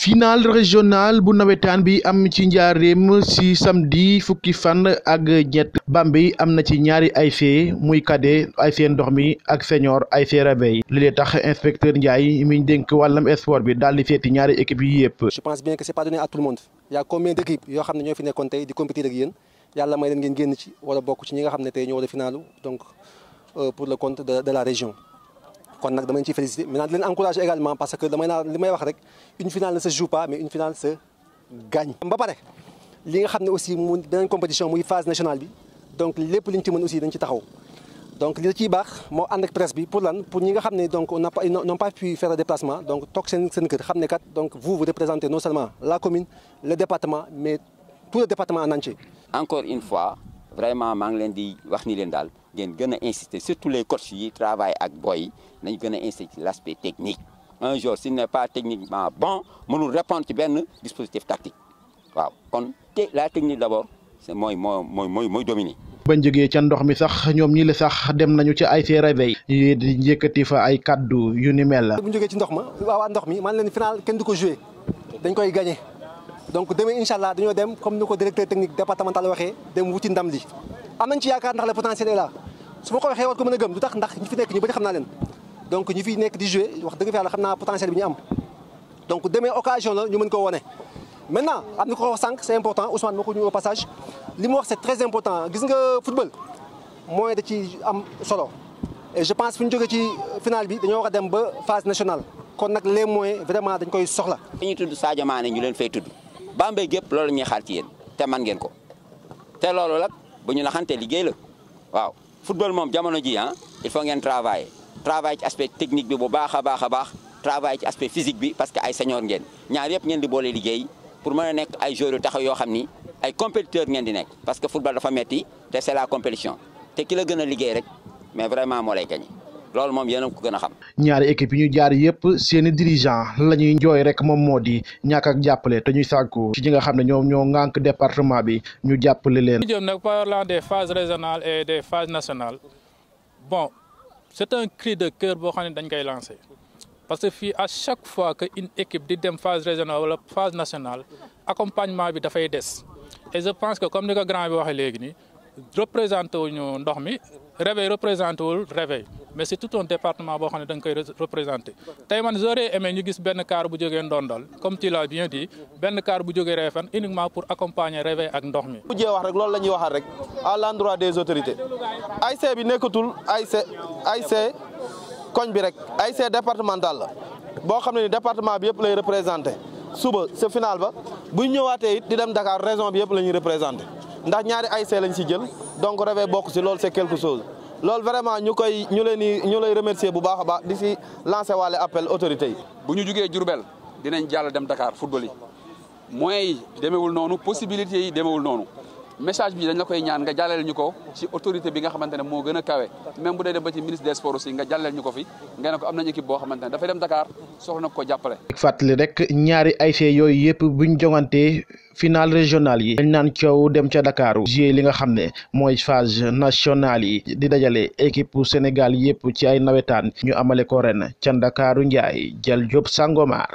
final régional bu nawetaan bi am ci njaareem ci samedi fukki fan ak ñett Bambey am na ci ñaari ay fee muy cadet ay fee ndox mi ak senior ay fee rabey li lee tax inspecteur Ndiaye mi ñu dénk wàllam sport bi daal di seeti ñaari équipe yi yëpp. je pense bien que c'est pas donné à tout le monde y a combien d'équipes yoo xam ne ñoo fi nekkoon tey di compétir ak yéen yàlla may leen ngeen génn ci wala bokk ci ñi nga xam ne tey ñoo war a finalu donc euh, pour le compte de de la région. kon nag dama leen ciy félicité maintenant di leen encouragé également parce que damay naan li may wax rek une finale ne se mais une finale se gagne. ba pare li nga xam ne aussi mu beneen compétition muy phase nationale bi donc lépp li ñu ci mën aussi dañ ci taxaw donc li la ciy baax moo ànd ak presse bi pour lan pour ñi nga xam ne donc on n'a pas n'ont pas pu faire le déplacement donc toog seen seen kër xam ne kat donc vous vous représentez non seulement la commune le département mais tout département en entier. encore une fois vraiment maa ngi leen di wax ni leen daal. ngeen gën a insister surtout les coachs yi travail ak boy yi nañ gën a insister ci l' aspect technique un jour s'il n'est pas techniquement bon mënul répondre ci benn dispositif tactique waaw kon te la technique d' abord mooy moo mooy mooy mooy dominer bañ jógee ca ndox mi sax ñoom ñi la sax dem nañu ci ay see réveil yi di yëkkati fa ay kaddu yu ni mel la bu ñu ci ndox ma waawaa ndox mi man leen final kenn du ko joué dañ koy gagné donc demain incha allah dañoo dem comme ni ko directeur technique départemental waxee dem wuti ndam su ma ko waxee war ko mën a gëm lu tax ndax ñi fi nekk ñu bëri xam naa fi nekk di joué wax dëgg fa yàlla xam naa potentiel bi ñu am donc demee occasion la ñu mën koo wone maintenant am na ko wax sànq c'est important ko ñu au passage li mu wax c'est très important gis nga football mooy da ci am solo et je pense fu ñu jógee ci finale bi dañoo wax dem ba phase nationale kon nag les mooy vraiment dañ koy soxla. dañuy tudd Sadio Mané ñu leen fay tudd Bambey gépp loolu ñuy xaal ci yéen te man ngeen ko te loolu nag bu ñu naxante liggéey la football moom jamono ji ah il faut ngeen travailler travail ci aspect technique bi bu baax a baax a baax travail ci aspect physique bi parce que ay senior ngeen ñaar yëpp ngeen di boole liggéey pour mën a nekk ay joueurs yu taxaw yoo xam ni ay compétiteur ngeen di nekk parce que football dafa metti te c'est la compétition te ki la gën a liggéey rek mais vraiment moo lay gagné loolu moom yéen a ko gën a xam. ñaari équipe yi ñu jaar yëpp seen i dirigeant la ñuy njooy rek moom moo di ñàkk ak jàppale te ñuy sàkku ci nga xam ne ñoom ñoo ŋànk département bi ñu jàppale leen. ñu jëm nag parlant des phases régionales et des phases nationales bon c'est un cri de cœur boo xam ne dañ koy lancer parce que fi à chaque fois que une équipe di dem phase régionale wala phase nationale accompagnement bi dafay des et je pense que comme ni ko grand bi waxee léegi nii représenté wuñu ndox mi réveil mais c'est tout un département boo xam ne da nga koy représenté tey man j'aurais ñu gis benn car bu jógee Ndondol comme tu l'as bien dit benn car bu jógee Réfane uniquement pour accompagner réveil ak ndox mi. bu jee wax rek loolu la ñuy waxaat rek à l'endroit des autorités ASC bi nekkatul ay ASC koñ bi rek ay ASC départemental la boo xam ne ni département bi yëpp lay représenté suba sa final ba bu ñu ñëwaatee it di dem Dakar région bi yëpp la ñuy représenté ndax ñaari ASC lañ si jël donc réveil bokk si loolu c'est quelque loolu vraiment ñu koy ñu leen ñu lay remercier bu baax a baax di si lancer waale appel autorités bu ñu jugee Diourbel dinañ jàll dem Dakar football yi moyens demeewul noonu possibilités yi demeewul noonu. message bi dañ la koy ñaan nga jàllale ñu ko ci autorité bi nga xamante ne moo gën a kawe même bu dee dem ba ci ministre des sports aussi nga jàllale ñu ko fi nga ne ko am nañu équipe boo xamante ne dafay dem Dakar soxla na ko jàppale. fàttali rek ñaari ay ASC yooyu yëpp buñ jongante final régional yi. dañ naan coow dem ca Dakar. jouer li nga xam ne mooy phase nationale yi. di dajale équipe Sénégal yëpp ci ay nawetaan. ñu amale ko ren ca Ndakaaru Ndiaye jël Diop Sangomar.